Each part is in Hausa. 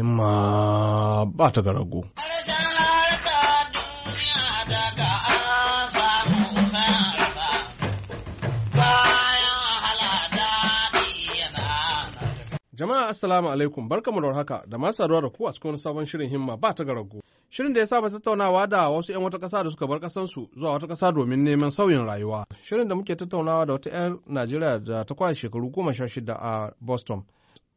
in ma ba ta ga rago. Jama'a Assalamu alaikum barkamu da haka da masu saduwa da ku a cikin sabon shirin himma ba ta garago. Shirin da ya saba tattaunawa da wasu 'yan wata ƙasa da suka bar ƙasansu zuwa wata ƙasa domin neman sauyin rayuwa. Shirin da muke tattaunawa da wata 'yar Najeriya da ta kwashe shekaru goma sha shida a Boston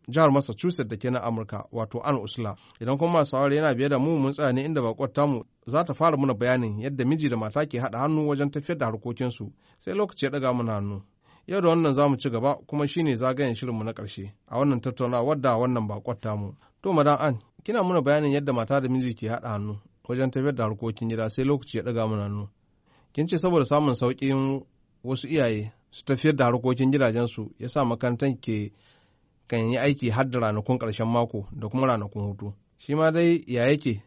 jihar Massachusetts da ke na Amurka wato an Usla. Idan kuma masu aure yana biye da mu mun tsaya ne inda bakwar tamu za ta fara muna bayanin yadda miji da mata ke haɗa hannu wajen tafiyar da harkokinsu sai lokaci ya ɗaga muna hannu. Yau da wannan za mu ci gaba kuma shine zagayen shirinmu na ƙarshe a wannan tattaunawar wadda wannan bakwar tamu. To madan an kina muna bayanin yadda mata da miji ke haɗa hannu wajen tafiyar da harkokin gida sai lokaci ya ɗaga muna hannu. Kin ce saboda samun sauƙin wasu iyaye su tafiyar da harkokin gidajensu ya sa makarantar ke kan yi aiki har da ranakun ƙarshen mako da kuma ranakun hutu shi ma dai ya yake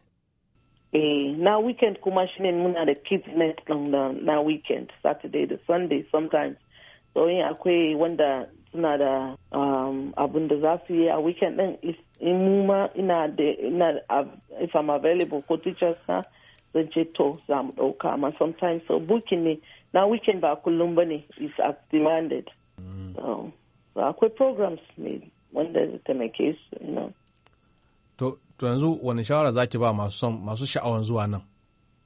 eh na weekend kuma shi ne muna da kids night na weekend saturday da sunday sometimes so yin akwai wanda suna da um, abin da za su yi a weekend ɗin in mu ma ina da ina if I'm available ko teachers na zan ce to za mu ɗauka amma sometimes so booking ne na weekend ba kullum ba ne is as demanded mm. akwai programs mai wanda zai taimake su nan. To, yanzu wani shawara za ki ba masu sha'awar zuwa nan?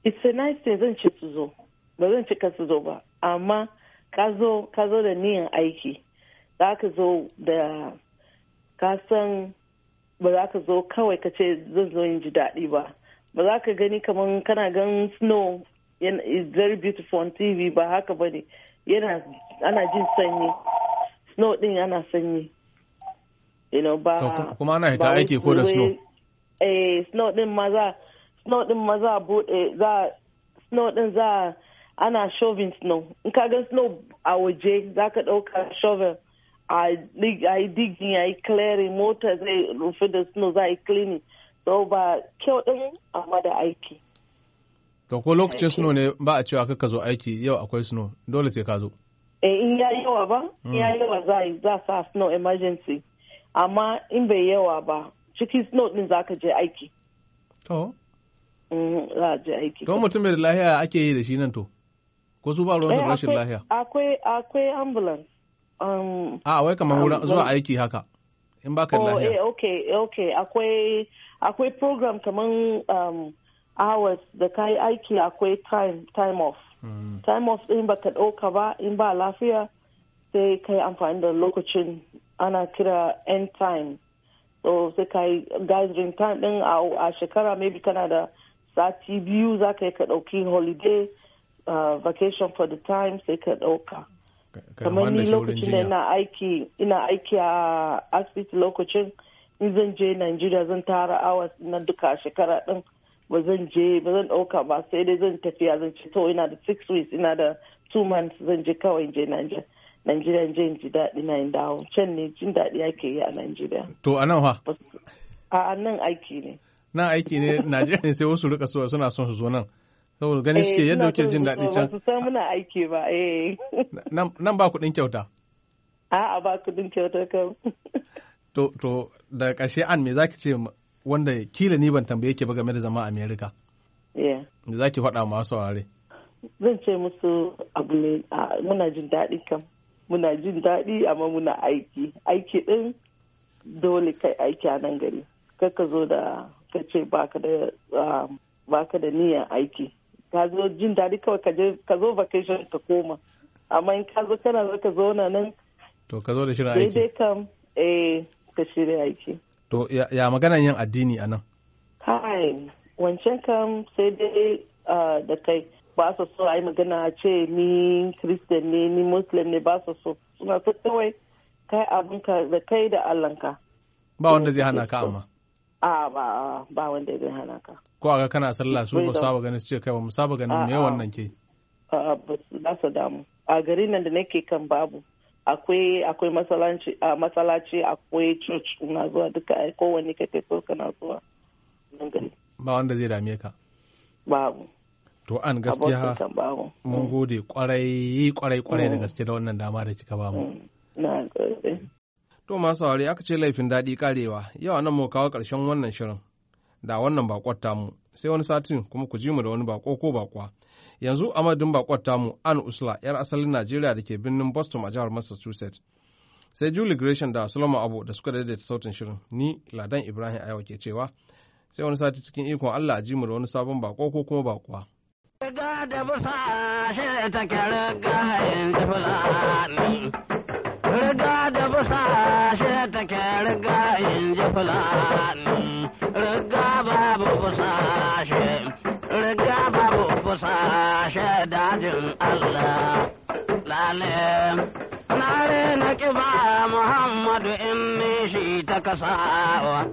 It's a nice day zan ci su zo, ba zan ci ka su zo ba, amma ka zo da niyan aiki, za ka zo da ka ba za ka zo kawai ka ce zan zo yin ji daɗi ba, ba za ka gani kamar kana gan snow is very beautiful on TV ba haka ba ne, yana ana jin sanyi, snow ɗin ana sanyi. you know ba kuma ana hita aiki ko da snow eh snow din maza snow din maza bude za snow din za ana shoving snow in ga snow a waje za ka ɗauka shovel a yi digging a yi clearing mota zai rufe da snow za a clean cleaning so ba kyau din amma da aiki to ko lokacin snow ne ba a cewa kaka zo aiki yau akwai snow dole sai ka zo eh in ya yawa ba in ya mm. yawa za a sa snow emergency amma in bai yawa ba cikin snow din za ka je aiki to mm, za a je aiki to mutum bai da lahiya ake yi da shi nan to ko su ba ruwan eh, rashin lahiya akwai akwai ambulance um, a ah, wai kamar zuwa aiki haka in baka da oh, lahiya eh okay okay akwai akwai program kamar um, hours da yi aiki akwai time time off hmm. time off din baka dauka ba in ba lafiya sai kai amfani da lokacin ana kira end time so sai ka yi gathering time din a shekara maybe kana da sati biyu za ka yi ka ɗauki holiday uh, vacation for the time sai ka ɗauka kamar ni lokacin da ina aiki ina aiki a asibiti lokacin in zan je Najeriya zan tara hours na duka shekara din ba zan je ba zan ɗauka ba sai dai zan tafiya zan ce to ina da six weeks ina da two months zan je kawai je Najeriya Najeriya je in ji daɗi na yin dawo can ne jin daɗi ake yi a Najeriya. To a nan fa? A nan aiki ne. Nan aiki ne Najeriya ne sai wasu rika suwa suna son su zo nan. Saboda ganin eh, suke yadda kuke jin daɗi can. Ba san muna aiki ba eh. Nan ba kuɗin kyauta. A'a ba kuɗin kyauta kam. To to da ƙarshe an me zaki ce wanda kila ni ban tambaye ke ba game da zama Amerika. Yeah. Me zaki faɗa masu saurare? Zan ce musu abu ne muna jin daɗi kam. muna jin daɗi amma muna aiki aiki ɗin dole kai aiki a nan gari ka zo da ka ce baka da um, da niyan aiki ka zo jin daɗi kawai ka je ka zo vacation ka koma amma in ka zo kana zo ka zauna nan to ka zo da shirin aiki daidai kam eh ka shirya aiki to ya magana yin addini a nan kai wancan kam sai dai uh, da kai ba su so a yi magana ce ni christian ne ni muslim ne ba su so suna so kawai kai abinka da kai da allanka ba wanda zai hana ka amma a ba ba wanda zai hana ka ko a ga kana sallah su ba saba ganin su ce kai ba mu saba ganin me wannan ke a ba su damu a gari nan da nake kan babu akwai akwai masallaci masallaci akwai church na zuwa duka kowanne kake so kana zuwa ba wanda zai dame ka babu To an gaskiya mun mm. gode kwarai kwarai kwarai da mm. gaske da wannan dama da kika bamu. Mm. To masu saurari aka ce laifin daɗi karewa yau nan mu kawo ƙarshen wannan shirin da wannan bakon tamu sai wani satin kuma ku ji mu da wani bako ko bakwa. Yanzu amadin bakon tamu An Usla yar asalin Najeriya da ke birnin Boston a jihar Massachusetts. Sai Julie Gresham da Solomon Abu da suka daidaita sautin shirin ni Ladan Ibrahim Ayawa ke cewa sai wani sati cikin ikon Allah a ji mu da wani sabon bako ko kuma bakwa. Riga da take riga yanzu fulani. Riga take riga dajin Allah. na na ƙiba Muhammadu in shi ta kasawa.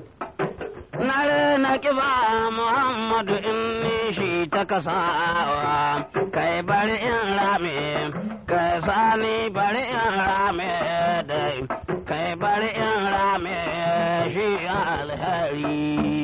na rena kiba Muhammadu in ni shi ta kasawa, kai bari in rame, kai sani bari in rame dai, kai bari in rame shi alhari.